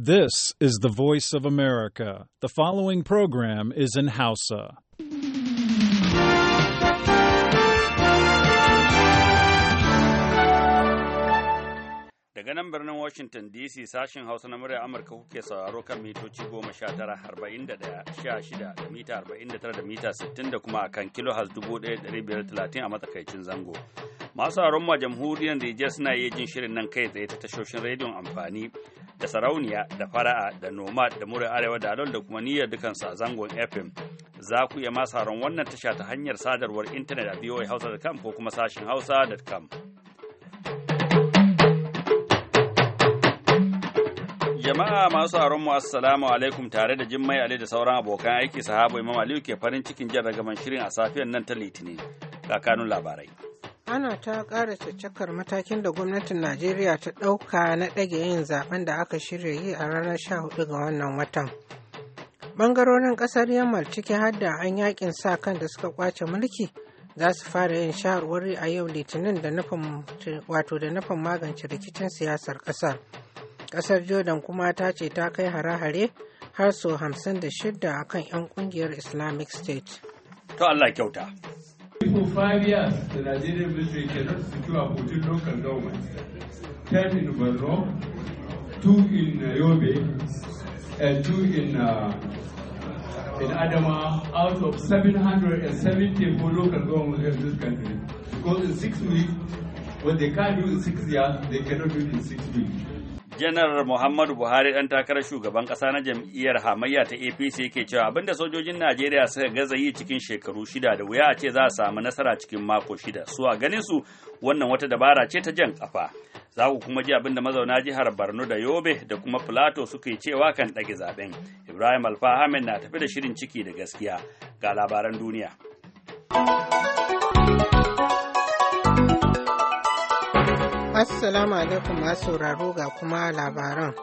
This is the voice of America. The following program is in Hausa. Daga nan birnin Washington DC sashen Hausa na murya Amurka kuke sauraro kan mitoci goma sha tara arba'in da daya sha shida da mita arba'in da tara da mita sittin da kuma kan kilo has dubu ɗaya ɗari biyar talatin a matsakaicin zango. Masu ma jamhuriyar Nijar suna iya jin shirin nan kai tsaye ta tashoshin rediyon amfani da sarauniya da fara'a da nomad da mura arewa da alol da kuma niyyar dukansu a zangon fm za ku iya masa haron wannan tasha ta hanyar sadarwar intanet a hausa.com ko kuma sashin hausa.com jama'a masu sauraron mu assalamu alaikum tare da jimmai ali da sauran abokan aiki sahabo imam aliyu ke farin cikin jin ragaman shirin a safiyar nan ta litinin kakanun labarai ana ta ƙara caccakar matakin da gwamnatin najeriya ta ɗauka na ɗage yin zaben da aka shirya yi a ranar 14 ga wannan watan Bangarorin ƙasar yamal ciki har da an yakin sa kan da suka kwace mulki za su fara yin shawarwari a yau litinin da nufin wato da nufin magance rikicin siyasar ƙasar ƙasar jordan kuma ta ce ta kai hare-hare har sau 56 a kan 'yan ƙungiyar islamic state to allah kyauta For five years, the Nigerian military cannot secure 14 local governments, 10 in Borno, 2 in uh, Yobe, and 2 in, uh, in Adama, out of 774 local governments in this country. Because in six weeks, what they can't do in six years, they cannot do in six weeks. janar muhammadu buhari ɗan takarar shugaban ƙasa na jam'iyyar hamayya ta apc yake cewa abinda sojojin najeriya suka gaza yi cikin shekaru shida da wuya a ce za a samu nasara cikin mako shida su a ganin su wannan wata dabara ce ta jan kafa za ku kuma ji abinda mazauna jihar borno da yobe da kuma plateau suke cewa kan ɗage zaben ibrahim alfa na tafi da shirin ciki da gaskiya ga labaran duniya Assalamu alaikum masu sauraro ga kuma labaran.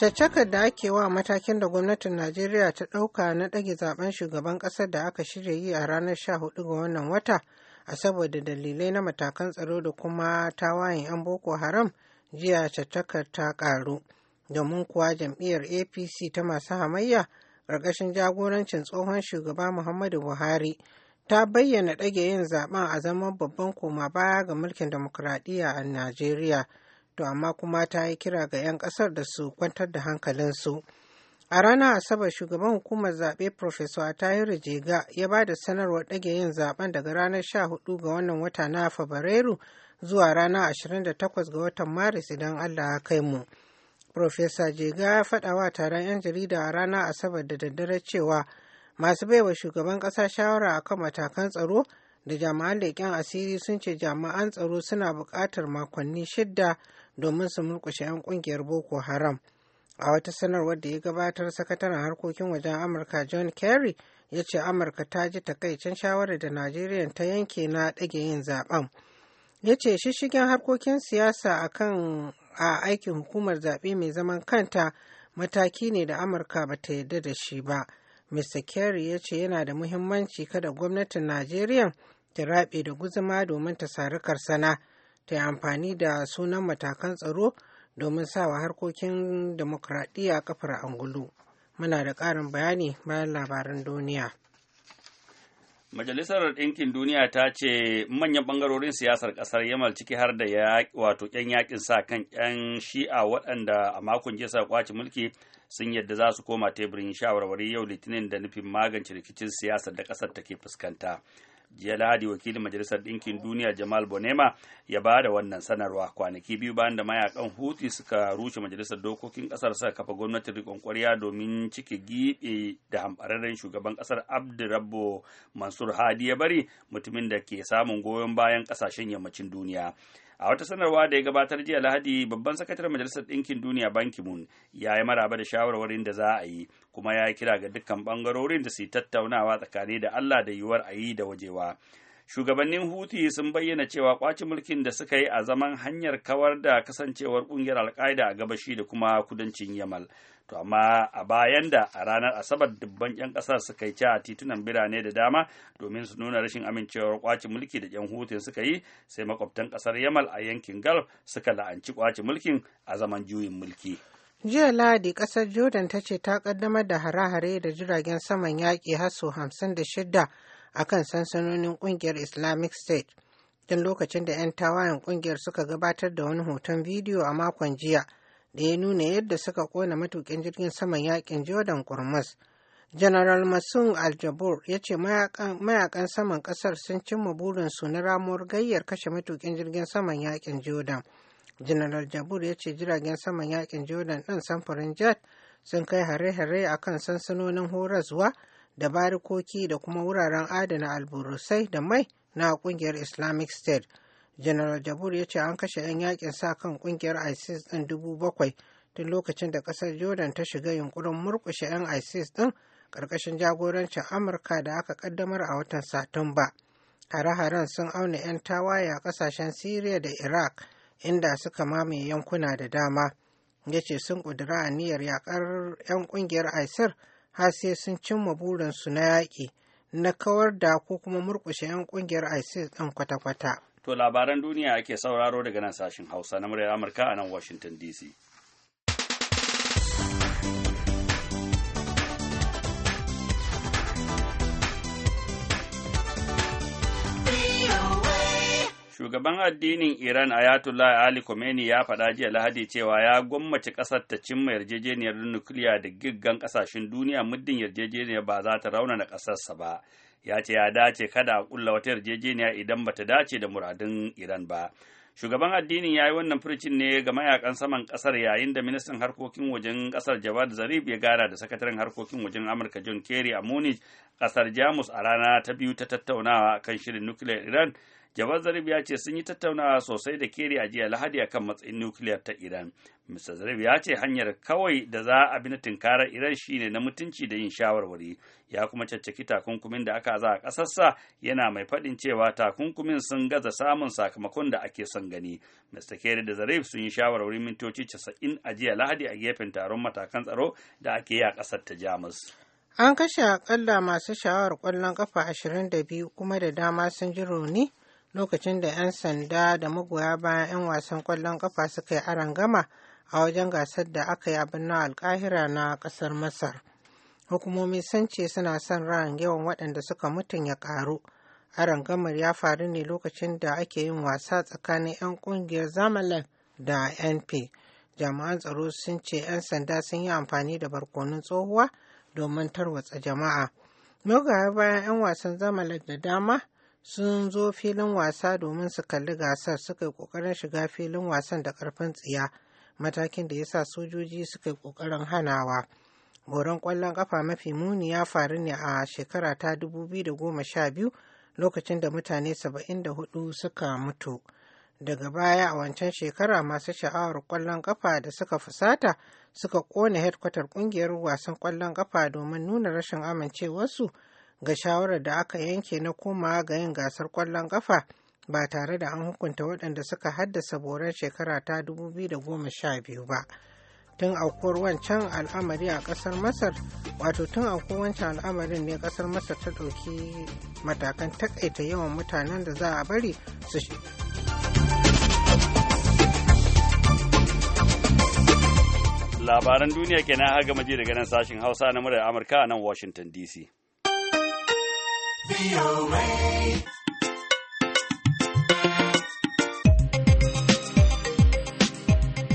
Caccakar da ake wa matakin da gwamnatin Najeriya ta ɗauka na ɗage zaben shugaban ƙasar da aka shirya yi a ranar 14 ga wannan wata a saboda dalilai na matakan tsaro da kuma tawayen 'yan Boko Haram jiya caccakar ta ƙaru. Domin kuwa jam'iyyar APC ta masu hamayya ƙarƙashin jagorancin tsohon shugaba Muhammadu Buhari ta bayyana ɗage yin zaben a zaman babban koma baya ga mulkin demokuraɗiyya a Najeriya, to amma kuma ta yi kira ga 'yan ƙasar da su kwantar da hankalinsu. A ranar Asabar shugaban hukumar zaɓe Profesor Tahiru Jega ya ba da sanarwar ɗage yin zaben daga ranar 14 ga wannan wata na Fabrairu zuwa ranar 28 ga watan Maris idan Allah ya kai mu. Profesa Jega ya faɗawa taron 'yan jarida a ranar Asabar da daddare cewa masu baiwa shugaban ƙasa shawara akan matakan tsaro da jami'an leƙen asiri sun ce jami'an tsaro suna buƙatar makonni shidda domin su murƙushe 'yan ƙungiyar boko haram a wata sanarwar da ya gabatar sakataren harkokin wajen amurka john kerry ya ce amurka ta ji takaicin shawarar da najeriya ta yanke na ɗage yin zaben ya ce shishigen harkokin siyasa a kan a aikin hukumar zaɓe mai zaman kanta mataki ne da amurka ba ta yarda da shi ba Mr. Kerry ya ce yana da muhimmanci kada gwamnatin Najeriya ta raɓe da guzuma domin ta sari karsana ta yi amfani da sunan matakan tsaro domin sawa harkokin demokradiyya kafar angulu. Muna da ƙarin bayani bayan labaran duniya. Majalisar Ɗinkin Duniya ta ce manyan ɓangarorin siyasar ƙasar Yamal ciki har da wato 'yan yakin sa kan 'yan shi'a waɗanda a makon jiya kwace mulki sun yadda za su koma teburin shawarwari yau litinin da nufin magance rikicin siyasar da ƙasar take fuskanta jiya lahadi wakilin majalisar ɗinkin duniya jamal bonema ya ba da wannan sanarwa kwanaki biyu bayan da mayakan huti suka rushe majalisar dokokin ƙasar suka kafa gwamnatin riƙon ƙwarya domin cike giɓe da hambararren shugaban ƙasar abdurabbo mansur hadi ya bari mutumin da ke samun goyon bayan ƙasashen yammacin duniya a wata sanarwa da ya gabatar jiya lahadi babban sakataren majalisar ɗinkin duniya banki mun ya yi maraba da shawarwarin da za a yi kuma ya yi kira ga dukkan bangarorin da su tattaunawa tsakani da allah da yiwuwar a yi da wajewa shugabannin huti sun bayyana cewa kwaci mulkin da suka yi a zaman hanyar kawar da kasancewar kungiyar alkaida a gabashi da kuma kudancin yamal to amma a bayan da a ranar asabar dubban 'yan kasar suka yi a titunan birane da dama domin su nuna rashin amincewar kwaci mulki da 'yan hutun suka yi sai makwabtan kasar yamal a yankin gulf suka la'anci kwaci mulkin a zaman juyin mulki jiya lahadi kasar jordan ta ce ta kaddamar da hare-hare da jiragen saman yaƙi har sau 56 akan sansanonin kungiyar islamic state tun lokacin da 'yan tawayen kungiyar suka gabatar da wani hoton bidiyo a makon jiya da ya nuna yadda suka kona matukin jirgin saman yakin jordan kurmus general masun aljabur ya ce mayakan saman kasar sun cimma burinsu na ramuwar gayyar kashe matukin jirgin saman yakin jordan general jabur ya ce jiragen saman yakin jordan ɗin samfurin jet sun kai hare-hare akan sansanonin sansanonin horaswa da barikoki da kuma wuraren adana alburusai da mai na kungiyar islamic state general jabur ya ce an kashe 'yan yakin sa kan kungiyar isis din dubu bakwai tun lokacin da kasar jordan ta shiga yunkurin murkushe 'yan isis din karkashin jagorancin amurka da aka kaddamar a watan satumba hare-haren sun auna 'yan tawaye a kasashen syria da iraq inda suka mamaye yankuna da dama ya ce sun kudura aniyar yakar 'yan kungiyar isir har sai sun cimma burinsu na yaƙi na kawar da ko kuma murƙushe 'yan ƙungiyar isis ɗin kwata-kwata. To labaran duniya ake sauraro daga nan sashen Hausa na muryar Amurka a nan Washington DC. shugaban addinin Iran Ayatollah Ali Khomeini ya faɗa jiya Lahadi cewa ya gwammace ƙasar ta cimma yarjejeniyar nukiliya da giggan ƙasashen duniya muddin yarjejeniyar ba za ta raunana ƙasarsa ba. Ya ce ya dace kada a ƙulla wata yarjejeniya idan ba ta dace da muradun Iran ba. Shugaban addinin ya yi wannan furcin ne ga mayakan saman ƙasar yayin da ministan harkokin wajen ƙasar Jawad Zarif ya gara da sakataren harkokin wajen Amurka John Kerry a Munich ƙasar Jamus a rana ta biyu ta tattaunawa kan shirin nukiliyar Iran Javad Zarif ya ce sun yi tattaunawa sosai da Keri a jiya Lahadi a kan matsayin nukiliyar ta Iran. Mr. Zarif ya ce hanyar kawai da za a bi na tunkarar Iran shine na mutunci da yin shawarwari. Ya kuma caccaki takunkumin da aka za a ƙasarsa yana mai faɗin cewa takunkumin sun gaza samun sakamakon da ake son gani. Mr. Keri da Zarif sun yi shawarwari mintoci casa'in a jiya Lahadi a gefen taron matakan tsaro da ake yi a ƙasar ta Jamus. An kashe akalla masu sha'awar ƙwallon ƙafa biyu kuma da dama sun ji rauni lokacin da 'yan sanda da magoya bayan 'yan wasan kwallon kafa suka yi gama a wajen gasar da aka yi abin na alkahira na kasar masar hukumomi sun ce suna son ran yawan waɗanda suka mutum ya ƙaru gamar ya faru ne lokacin da ake yin wasa tsakanin 'yan ƙungiyar zamalek da np jami'an tsaro sun ce 'yan sanda sun yi amfani da barkonin tsohuwa domin tarwatsa jama'a. bayan 'yan wasan zamalek da dama sun zo filin wasa domin su kalli gasar suka yi kokarin shiga filin wasan da karfin tsiya matakin da ya sa sojoji suka yi kokarin hanawa boron kwallon kafa mafi muni ya faru ne a shekara ta 2012 lokacin da mutane 74 suka mutu daga baya a wancan shekara masu sha'awar kwallon kafa da suka fusata suka kone hedkwatar kungiyar wasan kwallon kafa domin nuna rashin amincewarsu ga shawarar da aka yanke na komawa ga yin gasar kwallon ƙafa ba tare da an hukunta waɗanda suka haddasa boran shekara ta 2012 ba. tun aukuwar wancan al'amari a kasar masar wato tun aukuwar wancan al'amarin ne kasar masar ta ɗauki matakan takaita yawan mutanen da za a bari su labaran duniya kenan haga maji daga nan sashin hausa na murar amurka a nan washington dc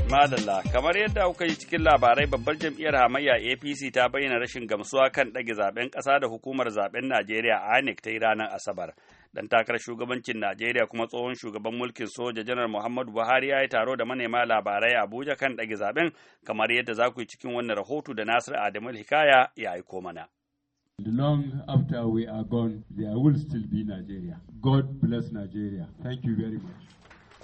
Madalla, kamar yadda kuka yi cikin labarai babbar jam'iyyar hamayya APC ta bayyana rashin gamsuwa kan ɗage zaben ƙasa da hukumar zaben Najeriya INEC ta yi ranar Asabar. Dan takarar shugabancin Najeriya kuma tsohon shugaban mulkin soja janar Muhammadu Buhari ya yi taro da manema labarai a Abuja kan ɗage zaben kamar yadda za ku yi cikin wannan rahoto da Nasir Adamu Hikaya ya aiko mana. Long after we are gone, there will still be Nigeria. God bless Nigeria. Thank you very much.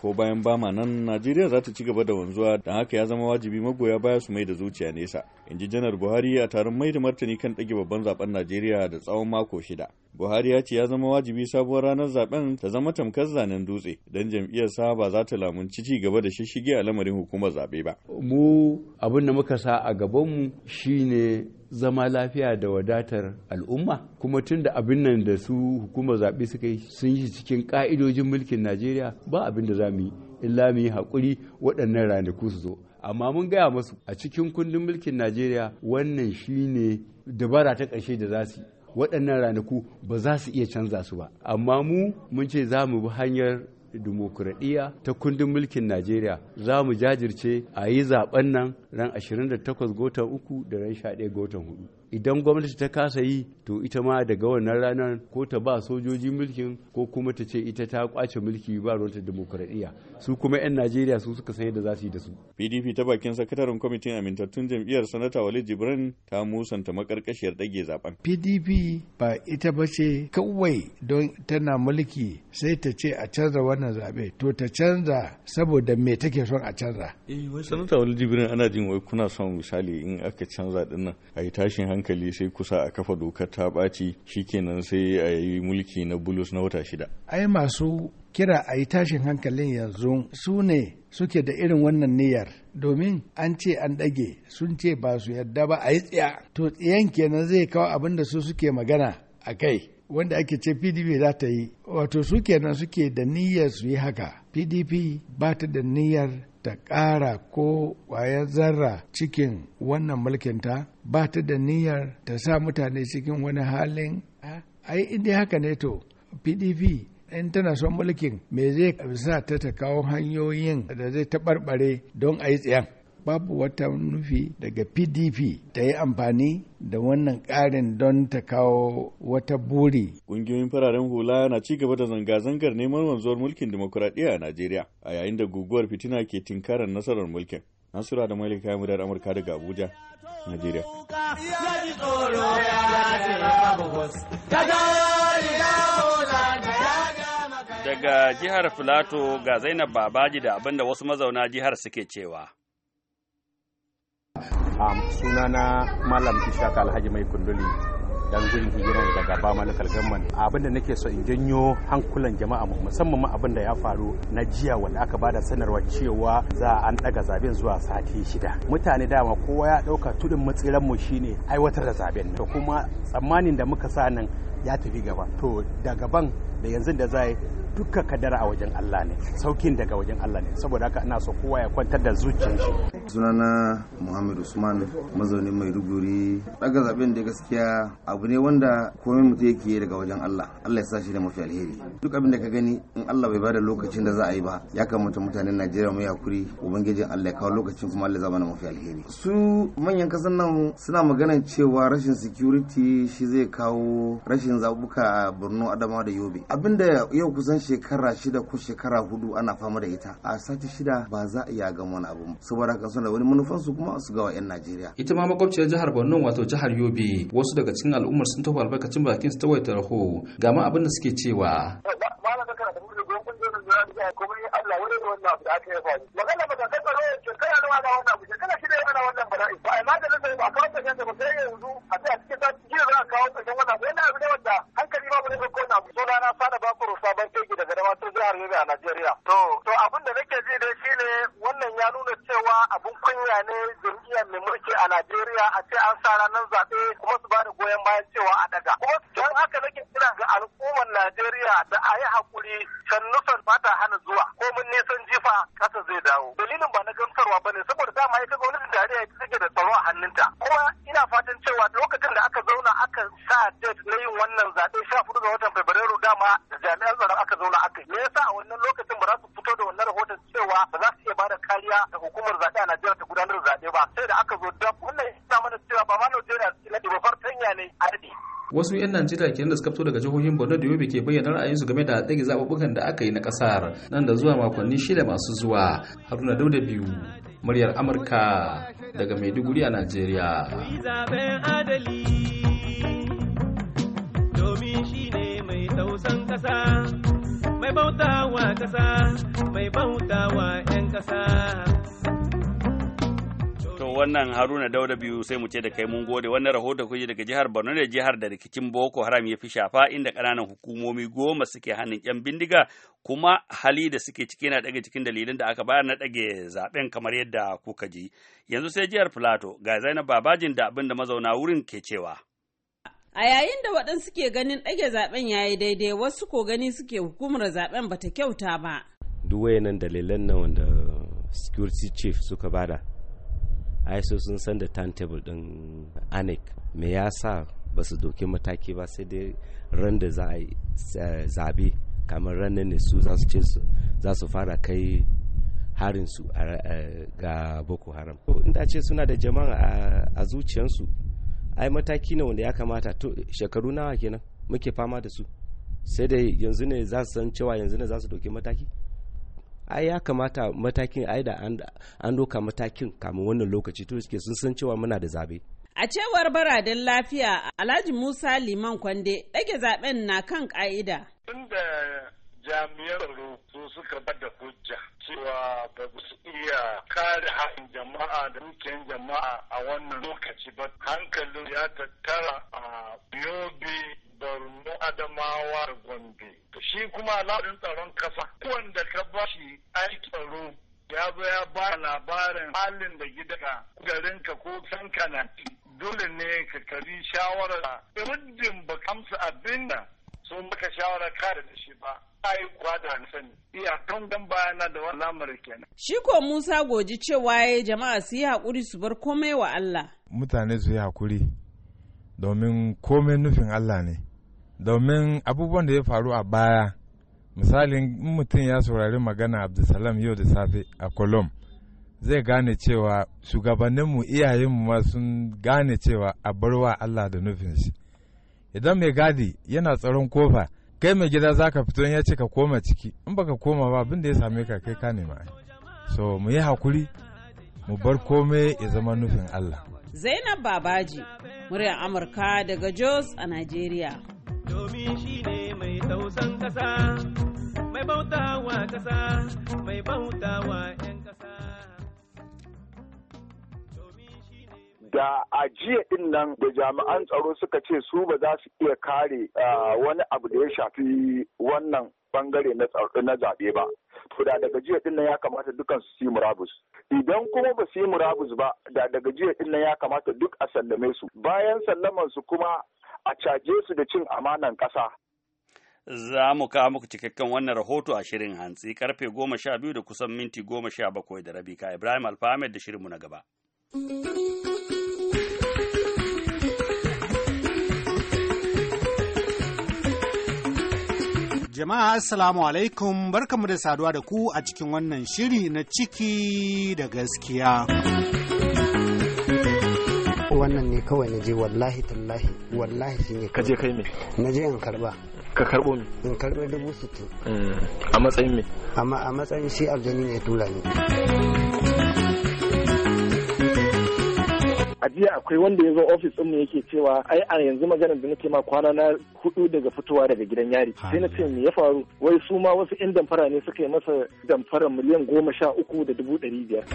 ko bayan ba ma nan najeriya za ta ci gaba da wanzuwa da haka ya zama wajibi magoya baya su mai da zuciya nesa in ji janar buhari a taron mai da martani kan ɗage babban zaben najeriya da tsawon mako shida buhari ya ce ya zama wajibi sabuwar ranar zaben ta zama tamkar zanen dutse don jam'iyyar sa ba za ta lamunci ci gaba da shishige a lamarin hukumar zabe ba mu abin da muka sa a gaban mu shine zama lafiya da wadatar al'umma kuma tun da abin nan da su hukumar zaɓe suka yi sun yi cikin ƙa'idojin mulkin najeriya ba abin da za mu yi illa mu yi haƙuri waɗannan ranaku su zo amma mun gaya masu a cikin kundin mulkin najeriya wannan shine dabara ta ƙarshe da za su waɗannan ranaku ba za su iya canza su ba amma mu mun ce za mu bi hanyar dimokuraɗiyya ta kundin mulkin Najeriya za mu jajirce a yi zaɓen nan ran 28 gotan uku da ran 11 gotan hudu. Idan gwamnati ta kasa yi to ita ma daga wannan ranar ko ta ba sojoji mulkin ko kuma ta ce ita ta kwace mulki ba ruwanta dimokuraɗiyya su kuma 'yan Najeriya su suka san yadda za su yi da su. PDP ta bakin sakataren kwamitin amintattun jam'iyyar sanata Walid Jibrin ta musanta makarkashiyar ɗage zaben. PDP ba ita ba ce kawai don tana mulki sai ta ce a canza wani wannan zaɓe to ta canza saboda me take son a canza. Eh, sanata wani jibirin ana jin wai kuna son misali in aka canza dinnan a yi tashin hankali sai kusa a kafa dokar ta ɓaci kenan sai a yi mulki na bulus na wata shida. Ai masu kira a yi tashin hankalin yanzu su ne suke da irin wannan niyyar domin an ce an ɗage sun ce ba su yarda ba a yi tsiya to tsiyan kenan zai kawo abin da su suke magana a kai wanda ake ce pdp za ta yi wato su kenan suke da niyyar su yi haka pdp ba ta da niyyar ta ƙara ko ƙwayar zarra cikin wannan mulkinta ba ta da niyyar ta sa mutane cikin wani halin ai inda haka ne to pdp in tana son mulkin me zai sa ta ta kawo hanyoyin da zai taɓarɓare don a yi tsayan babu wata nufi daga pdp ta yi amfani da wannan ƙarin don ta kawo wata buri. Ƙungiyoyin fararen hula na ci gaba da zanga-zangar neman wanzuwar mulkin dimokuraɗiyya a Najeriya a yayin da guguwar fitina ke tinkarar nasarar mulkin. Nasura da Malika ya mudar Amurka daga Abuja, Najeriya. Daga jihar Filato ga Zainab Babaji da abinda wasu mazauna jihar suke cewa. Ah, sunana malam ishaka alhaji mai kunduli dan gudun hijira daga ba malakal gamman abin da nake so in janyo hankulan jama'a musamman ma abin da ya faru na jiya wanda aka bada sanarwa cewa za an daga zaben zuwa sati shida mutane dama kowa ya dauka tudun matsiran mu shine aiwatar da zaben to kuma tsammanin da muka sa nan ya tafi gaba to da gaban da yanzu da za duka kadara a wajen Allah ne saukin daga wajen Allah ne saboda haka ana so kowa ya kwantar da zuciyar sunana Muhammad Usman mai Maiduguri daga zaben da gaskiya abu ne wanda komai mutum yake daga wajen Allah Allah ya sa shi da mafi alheri duk abin da ka gani in Allah bai bada lokacin da za a yi ba ya kamata mutanen Najeriya mu yakuri ubangijin Allah ya kawo lokacin kuma Allah ya zama mafi alheri su manyan kasan nan suna maganan cewa rashin security shi zai kawo rashin zabuka a Borno Adamawa da Yobe abinda yau kusan shekara shida ko shekara hudu ana fama da ita a sati shida ba za a iya gama wani abu saboda haka suna wani manufan su kuma su gawa yan najeriya ita ma makwabciyar jihar borno wato jihar yobe wasu daga cikin al'ummar sun taho albarkacin bakin su ta waye ho ga ma abin da suke cewa magana ba shekara da wannan abu shekara shida yi wannan bala'i ba a maganin sai ba kawo ƙarshen da ba sai yanzu a ce a cikin sati jiya za a kawo ƙarshen wannan wani abu ne wanda hankali ba mu ne ko na suna na sada da ku rusa ban keke daga dama ta jihar a Najeriya. To to abin da nake ji da shi ne wannan ya nuna cewa abun kunya ne jam'iyyar mai mulki a Najeriya a ce an sa ranar zaɓe kuma su ba da goyon bayan cewa a daga. Kuma don haka nake kira ga al'ummar Najeriya da a yi haƙuri can nusar hana zuwa ko mun nisan jifa kasa zai dawo. Dalilin ba na gamsarwa ba ne saboda dama ya tarayya ya take da tsaro a hannunta kuma ina fatan cewa lokacin da aka zauna aka sa date na yin wannan zaɓe sha hudu ga watan fabrairu dama jami'an tsaron aka zauna aka yi me yasa a wannan lokacin ba za su fito da wannan rahoton cewa ba za su iya bada kariya da hukumar zaɓe a Najeriya ta gudanar da zaɓe ba sai da aka zo da wannan ya mana cewa ba ma Najeriya na ɗiba fartanya ne a daɗe. wasu 'yan najeriya kenan da suka fito daga jihohin borno da yobe ke bayyana ra'ayinsu game da tsage zaɓuɓɓukan da aka yi na ƙasar nan da zuwa makonni shida masu zuwa haruna dauda biyu muryar Amurka daga Maiduguri a Najeriya. Mai bautawa ƙasa mai bautawa 'yan ƙasa wannan Haruna Dauda biyu sai mu ce da kai mun gode wannan rahoto kuji daga jihar Borno da jihar da rikicin Boko Haram ya fi shafa inda kananan hukumomi goma suke hannun yan bindiga kuma hali da suke ciki na daga cikin dalilin da aka bayar na dage zaben kamar yadda kuka ji yanzu sai jihar Filato ga Zainab Babajin da abin da mazauna wurin ke cewa A yayin da waɗansu ke ganin ɗage zaben ya yi daidai wasu ko gani suke hukumar zaben bata kyauta ba. Duk wayannan dalilan nan wanda security chief suka bada iso sun san da timetable din anec me ya sa ba su doki mataki ba sai dai ran da za a yi eh, zabe kamar ranar ne su za su ce za su fara kai harin su eh, ga boko haram inda ce suna da jama'a a zuciyarsu ai mataki ne wanda ya kamata to shekaru nawa kenan muke fama da su sai dai yanzu ne za su san cewa yanzu ne za su doki mataki ai ya kamata matakin ai da an doka matakin kamin wannan lokaci to suke sun san cewa muna da zabe A cewar baradin lafiya Alhaji Musa Liman Kwande ɗage zaben na kan ƙa'ida. da jami'ar tsaro su suka bada hujja cewa ba su iya kare haɗin jama'a da dukiyar jama'a a wannan lokaci ba hankalin ya tattara a yobe borno adamawa da gombe shi kuma al'adun tsaron kasa wanda ka ba shi aiki tsaro ya baya ya ba labarin halin da garin garinka ko kanka dole ne ka kari shawara muddin ba kamsa abin da sun muka shawara kare da shi ba ai kuwa da sani iyakan dan bayana da wannan lamarin kenan shi ko Musa goji cewa yi jama'a su yi hakuri su bar komai wa Allah mutane su yi hakuri domin komai nufin Allah ne domin abubuwan da ya faru a baya misalin mutum ya saurari magana Abdulsalam yau da safe a kolom zai gane cewa shugabanninmu iyayenmu ma sun gane cewa a barwa Allah da nufin shi idan mai gadi yana tsaron kofa kai mai gida za zaka fito ya ce ka koma ciki in baka koma ba abin da ya same ka kai ka nema so mu yi hakuri mu bar komai ya zama nufin Allah Zainab Babaji muryar Amurka daga Jos a nigeria. domin shine mai tausan kasa mai bautawa kasa mai bautawa da a jiya din nan da jami'an tsaro suka ce su ba za su iya kare wani abu da ya shafi wannan bangare na zaɓe ba. To da daga jiya din nan ya kamata dukan su yi murabus. Idan kuma ba su yi murabus ba da daga jiya din nan ya kamata duk a sallame su. Bayan sallaman su kuma a caje su da cin amanan ƙasa. Za mu kawo muku cikakken wannan rahoto a shirin hantsi karfe goma sha biyu da kusan minti goma sha bakwai da rabi ka Ibrahim Alfahamed da shirinmu na gaba. Jama'a Assalamu alaikum barkamu da saduwa da ku a cikin wannan shiri na ciki da gaskiya. Wannan ne kawai na je wallahi tallahi wallahi shi ne Ka je kai me? Na je in karba. Ka karbo me? In karba dubu sittin. Mm. A matsayin me? A matsayin shi aljani ne tura ne. a jiya akwai wanda ya zo ofis ɗinmu yake cewa ai a yanzu maganar da nake ma kwana na hudu daga fitowa daga gidan yari sai na ce me ya faru wai su ma wasu yan damfara ne suka yi masa damfara miliyan goma sha uku da dubu ɗari biyar.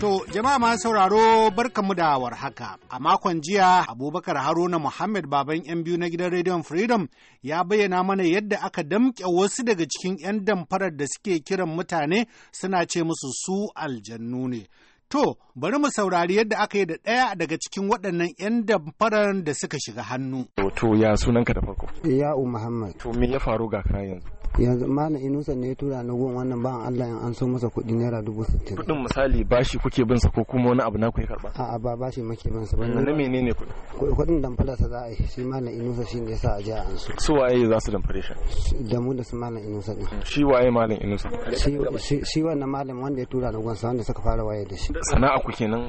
to jama'a ma sauraro barka da haka a makon jiya abubakar haruna muhammad baban yan biyu na gidan rediyon freedom ya bayyana mana yadda aka damƙe wasu daga cikin yan damfarar da suke kiran mutane suna ce musu su aljannu ne. To, bari mu saurari yadda aka yi da ɗaya daga cikin waɗannan 'yan damfarar da suka shiga hannu. To, ya sunanka da farko? Ya'u Muhammad. To, me ya faru ga kayan yanzu? yanzu malam Inusa ne ya tura na gun wannan ba Allah in an so masa kuɗi naira dubu sittin kuɗin misali bashi kuke bin sa ko kuma wani abu na ku ya karɓa a'a ba bashi muke bin sa ba na menene kuɗi kuɗin damfara sa za a yi shi malam inusa shi ne yasa a je an so su waye za su damfare shi da mu da su malam inusa din mm, shi waye malam inusa shi wannan malam wanda ya tura na gun sa wanda suka fara waye da shi sana'a ku kenan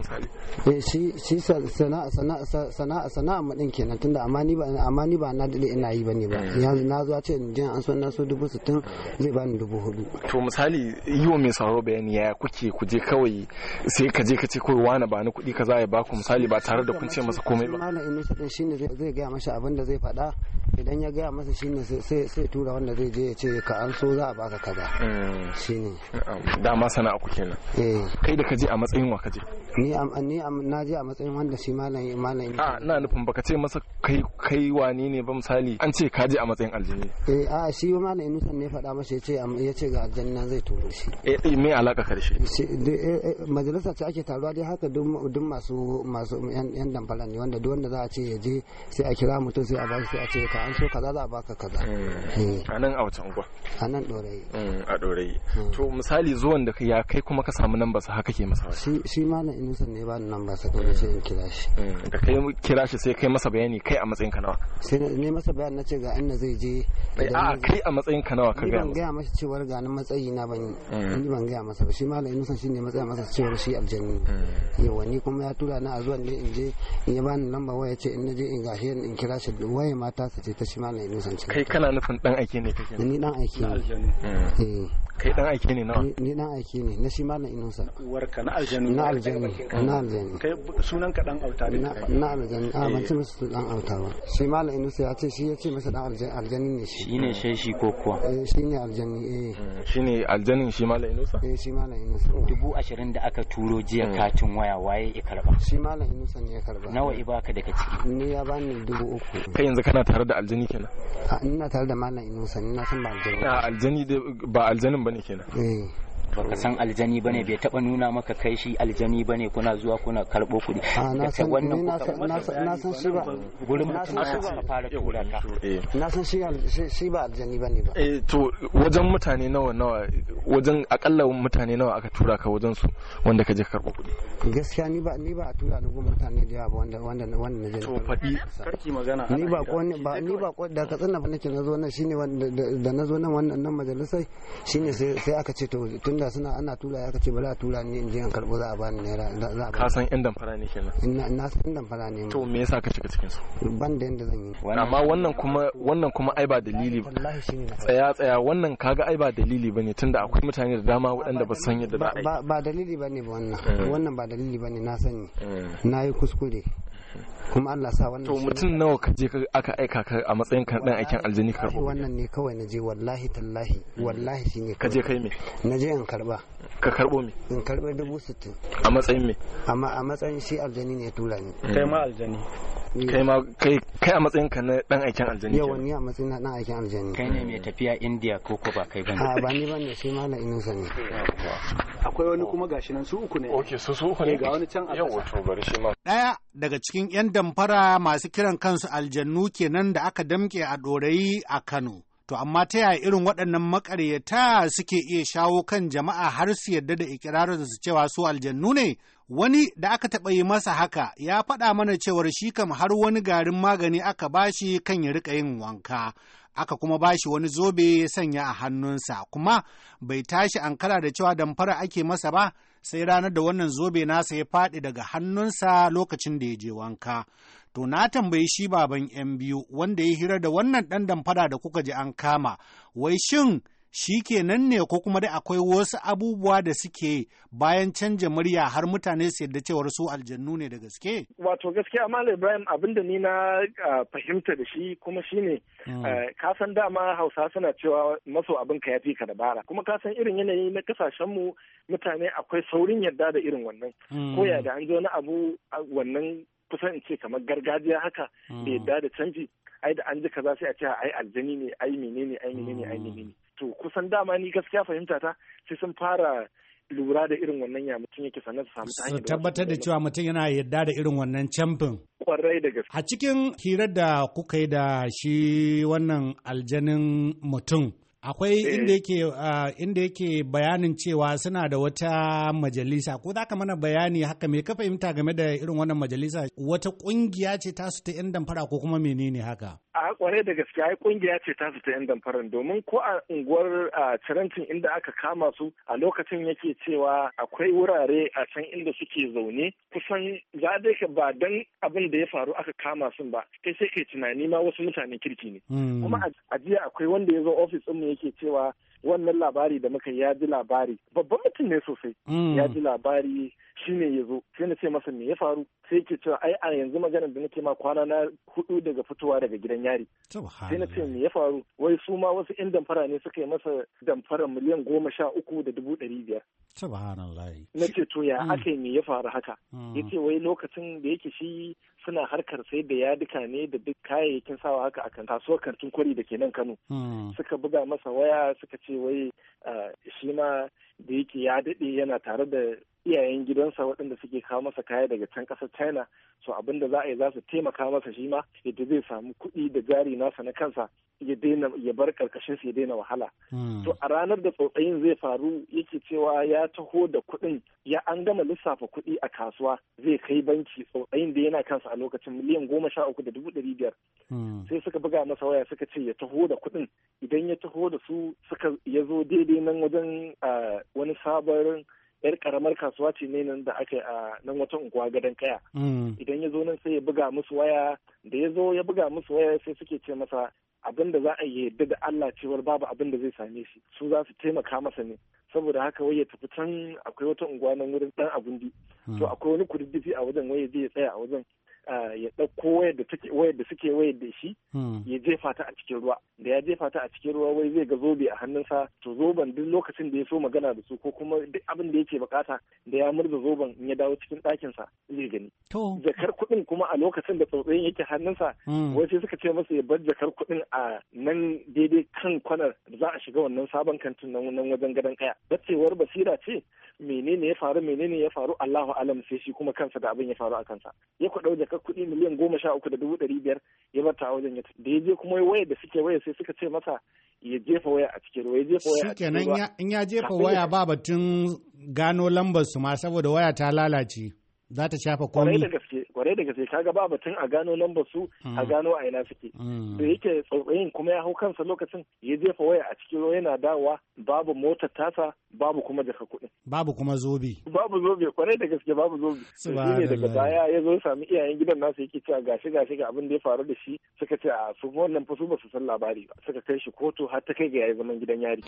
eh shi shi sana'a sana'a sana'a sana'a mu din kenan tunda amma ni ba amma ni ba na dade ina yi bane ba mm. yanzu na zo ce in je an so na so dubu sittin zai bani dubu hudu to misali yi wa mai sauraro bayani ya kuke kuje kawai sai ka je ka ce kawai wani ba ni kuɗi a ba ku misali ba tare da kun ce masa komai ba malam shi ɗin shine zai gaya masa abin da zai faɗa idan ya gaya masa shine sai sai tura wanda zai je ya ce ka an so za a baka kaza mm. shine dama sana'a ku kenan Eh. kai da ka je a matsayin wa ka je ni am ni am na je a matsayin wanda shi malam malam a ah, na nufin baka ce masa kai kai wani ne ba misali an ce ka je a matsayin aljini eh a shi malam inusa hassan ne faɗa masa ya ce ya ce ga aljanna zai turo shi eh, eh, me alaka karshe eh, majalisa ce ake taruwa dai haka duk masu masu yan damfara ne wanda duk wanda za a ce ya je sai a kira mutum sai a ba sai a ce ka an so kaza za a baka kaza hmm. a nan a wata unguwa a nan dorayi hmm, a dorayi hmm. to misali zuwan da ya kai kuma ka samu nan basa haka ke masa shi shi malam inusan ne ba nan basa dole sai in kira shi da kai kira shi sai kai masa bayani kai a matsayin ka nawa sai ne masa bayani na ce ga inda zai je a kai a matsayin ka nawa ka gaya ban gaya masa cewar ga nan matsayi na bane mm. ni ban gaya masa ba shi malam Yunusa shine matsayin masa cewar shi aljanni mm. yawa ni kuma ya tura na a zuwan ne in je in ya bani lamba waya ce in je in gashi in kira shi waya mata su ce ta shi malam Yunusa ce kai kana nufin dan aiki ne kake ni dan aiki ne mm. eh. kai dan aiki ne nawa ni dan aiki ne na shi malam Yunusa warka na aljanni na aljanni na aljanni kai sunan ka dan auta ne na aljanni a ban ce musu dan auta ba shi malam nusa ya ce shi ya ce masa dan aljanni ne shi ne shi ko kuwa Eh, shi shine aljani eh mm, shine aljanin shi malam inusa eh shi malam inusa dubu ashirin da aka turo jiya mm. katin waya waye ya karba shi malam inusa ne ya karba nawa i baka daga ciki ni ya bani dubu uku kai yanzu kana tare da aljani kenan ah, ina tare da malam inusa ina san ba ba aljani ba ah, aljanin bane kenan eh baka san aljani bane bai eh. taba nuna maka kai shi aljani bane kuna zuwa kuna karbo kuɗi ah, na san wannan na san shi ba gurin mutum na fara tura ka eh. na san shi ba aljani bane ba eh to wajen mutane nawa nawa wajen akalla mutane nawa aka tura ka wajen su wanda ka je karbo kuɗi gaskiya ni ba ni ba a tura ni gurin mutane da yawa wanda wanda wanda na je to karki magana ni ba ko ba ni ba ko da ka tsanna nake na nan shine da na zo nan wannan majalisai shine sai aka ce to tun tunda suna ana tura ya kace ba za a tura ni in je in karbo za a bani naira za a ka san yan fara ne kenan ina na san yan fara ne to me yasa ka shiga cikin su ban da yanda zan yi amma wannan kuma wannan kuma ai ba dalili ba tsaya tsaya wannan kaga ai ba dalili bane tunda akwai mutane da dama waɗanda ba san yadda za a yi. ba dalili bane ba wannan eh. wannan ba dalili bane na sani eh. na yi kuskure eh. kuma Allah sa wannan to mutum nawa ka je aka aika ka a matsayin ka dan aikin aljini ka karbo wannan ne kawai na je wallahi tallahi wallahi shine ka je kai me na je in karba ka karbo me in karba dubu sittin a matsayin me amma a matsayin shi aljini ne tura mm. ni kai ma aljini kai ma kai a matsayin ka na dan aikin aljani Yau ni a matsayin na dan aikin aljani kai ne mai tafiya india ko ko ba kai bane ba ni bane sai malam inusa ne akwai wani kuma gashi nan su uku ne okay su su uku ne eh, ga wani can a yau wato bari shi ma daya daga cikin yan damfara masu kiran kansu aljannu kenan da aka damke a ɗorayi a Kano. To amma ta yaya irin waɗannan maƙaryata suke iya shawo kan jama'a har su yarda da ikirarin su cewa su aljannu ne? Wani da aka taɓa yi masa haka ya faɗa mana cewar shi kam har wani garin magani aka bashi kan ya riƙa yin wanka. Aka kuma bashi wani zobe ya sanya a hannunsa kuma bai tashi ankara da cewa damfara ake masa ba sai ranar da wannan zobe nasa ya faɗi daga hannunsa lokacin da ya je wanka. To na tambayi shi baban ‘yan biyu wanda ya hira da wannan ɗan damfara da kuka ji an kama, wai shin shi ke nan ne ko kuma dai akwai wasu abubuwa da suke bayan canja murya har mutane su yadda cewar su aljannu ne da gaske? Wato gaskiya Malam Ibrahim abin da ni na fahimta da shi kuma shi ne mm. kasan dama Hausa suna cewa maso abin ka yafi ka dabara kuma kasan irin yanayi na kasashen mu mutane akwai saurin yadda da irin wannan mm. ko ya da an zo na abu wannan kusan in ce kamar gargajiya haka mm. da yadda da canji ai da an ji kaza sai a ce ai aljani ne ai menene ai menene ai menene to kusan dama ni gaskiya fahimta ta sai sun fara lura da irin wannan ya mutum yake sannan su samu Su tabbatar da cewa mutum yana yarda da irin wannan camfin kwarai da gaske a cikin hirar da kuka yi da shi wannan aljanin mutum akwai eh. inda yake bayanin cewa suna da wata majalisa ko za ka mana bayani haka me ka fahimta game da irin wannan majalisa wata ƙungiya ce tasu ta 'yan damfara ko kuma menene haka a kwarai da gaske ai kungiya ce ta fita yan damfarar domin ko a unguwar cirancin inda aka kama su a lokacin yake cewa akwai wurare a can inda suke zaune kusan za dai ka ba dan abin da ya faru aka kama su ba kai sai yi tunani ma wasu mutanen kirki ne hmm. kuma a jiya akwai wanda ya zo ofis ɗinmu yake cewa wannan labari da muka ya ji labari babban mutum ne sosai mm. ya ji labari shi ne ya zo sai na ce masa me ya faru sai ke cewa ai a yanzu maganar da nake ma kwana na hudu daga fitowa daga gidan yari sai na ce me ya faru wai su ma wasu yan damfara ne suka yi masa damfara miliyan goma sha uku da dubu ɗari biyar na ce to ya mm. aka me ya faru haka mm. ya ce wai lokacin da yake shi suna harkar sai da yadika ne da duk kayayyakin sawa haka akan kasuwar kantin kwari da ke nan kano suka buga masa waya suka ce ce wai shi ma da yake ya daɗe yana tare da iyayen gidansa waɗanda suke kawo masa kaya daga can ƙasar china so abin da za a yi za su taimaka masa shi ma yadda zai samu kuɗi da jari nasa na kansa ya daina ya bar karkashin ya daina wahala hmm. to a ranar da tsautsayin zai faru yake cewa ya taho da kuɗin ya an gama lissafa kuɗi a kasuwa zai kai banki tsautsayin da yana kansa a lokacin miliyan goma sha uku da dubu ɗari biyar hmm. sai suka buga masa waya suka ce ya taho da kuɗin idan ya taho da su suka ya zo daidai nan wajen ah, wani sabon yar karamar kasuwa ce ne nan da aka a nan wata unguwa gadon kaya mm. idan ya zo nan sai ya buga musu waya da ya zo ya buga musu waya sai suke ce masa abin da za a yadda da Allah cewar babu abin da zai same shi su za su taimaka masa ne saboda haka wai ya tafi can akwai wata unguwa nan wurin dan abundi mm. to akwai wani kududdufi a wajen wai ya tsaya a wajen ya ɗauko wayar da suke wayar da shi hmm. ya jefa ta a cikin ruwa da ya jefa ta a cikin ruwa wai zai ga zobe a hannunsa to zoben duk lokacin da ya so magana da su ko kuma duk abin da yake bukata da ya murza zoben in ya dawo cikin ɗakinsa zai gani jakar kuɗin kuma a lokacin da tsautsayin yake hannunsa hmm. wai sai suka ce masa ya bar jakar kuɗin a nan daidai kan kwanar da za a shiga wannan sabon kantin nan wajen gadon kaya dacewar basira ce menene ya faru menene ya faru Allahu alam sai shi kuma kansa da abin ya faru a kansa ya ku ɗau jakar kuɗi miliyan goma sha uku da dubu ɗari biyar ya bata a wajen ya da ya je kuma waya da suke waya sai suka ce masa ya jefa waya a cikin ruwa ya jefa waya a cikin ruwa in ya jefa waya ba batun gano lambar su ma saboda waya ta lalace za ta shafa komai kwarai da gaske kwarai da gaske kaga ba batun a gano lambar su mm. a gano a ina suke mm. da yake tsautsayin kuma ya hau kansa lokacin ya jefa waya a cikin ruwa yana dawowa babu motar tasa babu kuma jaka kuɗi babu kuma zobe babu zobe kwarai da gaske babu zobe shi ne daga baya ya zo sami iyayen gidan nasu yake cewa gashi gashi ga abin da ya faru da shi suka ce a su wannan fa su ba su san labari ba suka kai shi kotu har ta kai ga yayi zaman gidan yari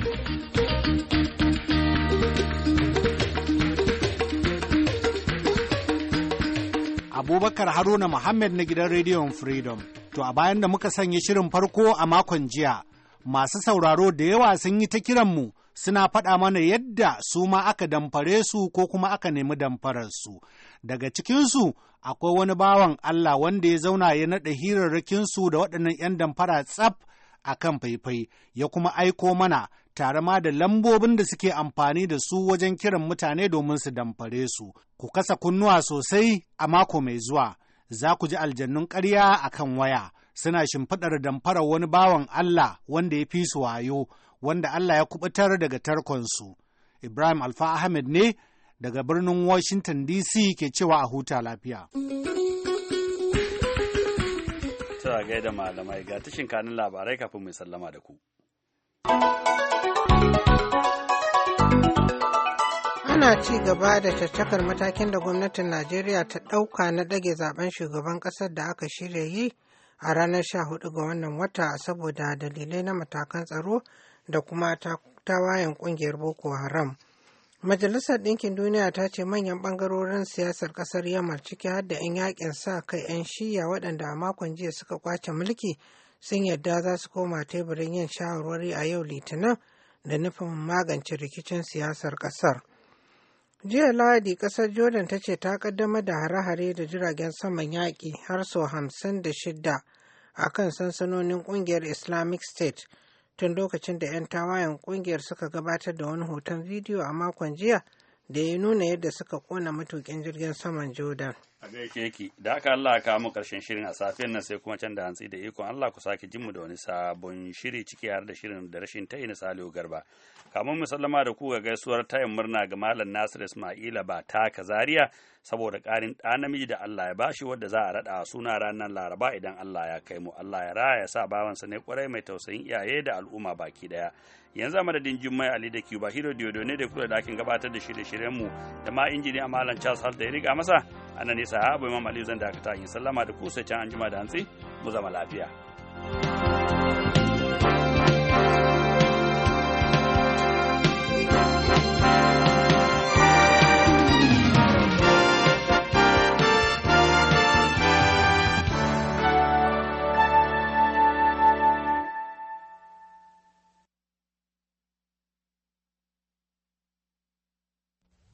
Abubakar Haruna Muhammad na gidan rediyon Freedom. To a bayan da muka sanya shirin farko a makon jiya, masu sauraro da yawa sun yi ta kiranmu suna faɗa mana yadda su ma aka damfare su ko kuma aka nemi damfararsu. Daga cikinsu akwai wani bawan Allah wanda ya zauna ya naɗa hirarrakinsu da waɗannan 'yan damfara tsaf a kan faifai ya kuma aiko mana tare ma da lambobin da suke amfani da su wajen kiran mutane domin su damfare su. Ku kasa kunnuwa sosai a mako mai zuwa, za ku ji aljannun karya a kan waya, suna shimfiɗar damfarar wani bawan Allah wanda ya fi su wayo, wanda Allah ya kubutar daga tarkonsu. Ibrahim Alfa Ahmed ne daga birnin Washington DC ke cewa a huta lafiya. Ta gaida malamai ga tashin kanin labarai kafin mai sallama da ku. ana ci gaba da caccakar matakin da gwamnatin najeriya ta ɗauka na ɗage zaben shugaban ƙasar da aka shirya yi a ranar 14 ga wannan wata saboda dalilai na matakan tsaro da kuma tawayen ƙungiyar boko haram majalisar ɗinkin duniya ta ce manyan ɓangarorin siyasar ƙasar yamal ciki har da 'yan yakin sa kai 'yan shiya waɗanda a makon jiya suka kwace mulki sun yarda za su koma teburin yin shawarwari a yau litinin da nufin magance rikicin siyasar ƙasar. jiya lahadi ƙasar jordan ta ce ta kaddama da hare-hare da jiragen saman yaƙi har sau hamsin da shida a kan sansanonin ƙungiyar islamic state tun lokacin da 'yan tawayen ƙungiyar suka gabatar da wani hoton bidiyo a makon jiya da ya nuna yadda suka kona matukin jirgin saman jordan a gaishe ki da aka allah ka mu karshen shirin a safiyar nan sai kuma can da hantsi da ikon allah ku sake jin mu da wani sabon shiri ciki har da shirin da rashin tayi na salihu garba kamar mu sallama da ku ga gaisuwar tayin murna ga malam nasir ismaila ba ta kazariya saboda karin ɗa namiji da allah ya bashi wadda za a raɗa suna ranar laraba idan allah ya kai mu allah ya raya ya sa bawansa ne kwarai mai tausayin iyaye da al'umma baki daya yanzu a madadin jummai ali da cuba hero diodo ne da kula da akin gabatar da shirye-shiryen mu da ma injini a malam charles hal da ya riga masa a nan nesa abu imam ali zan dakata yin sallama da kusa can anjima da hantsi mu zama lafiya.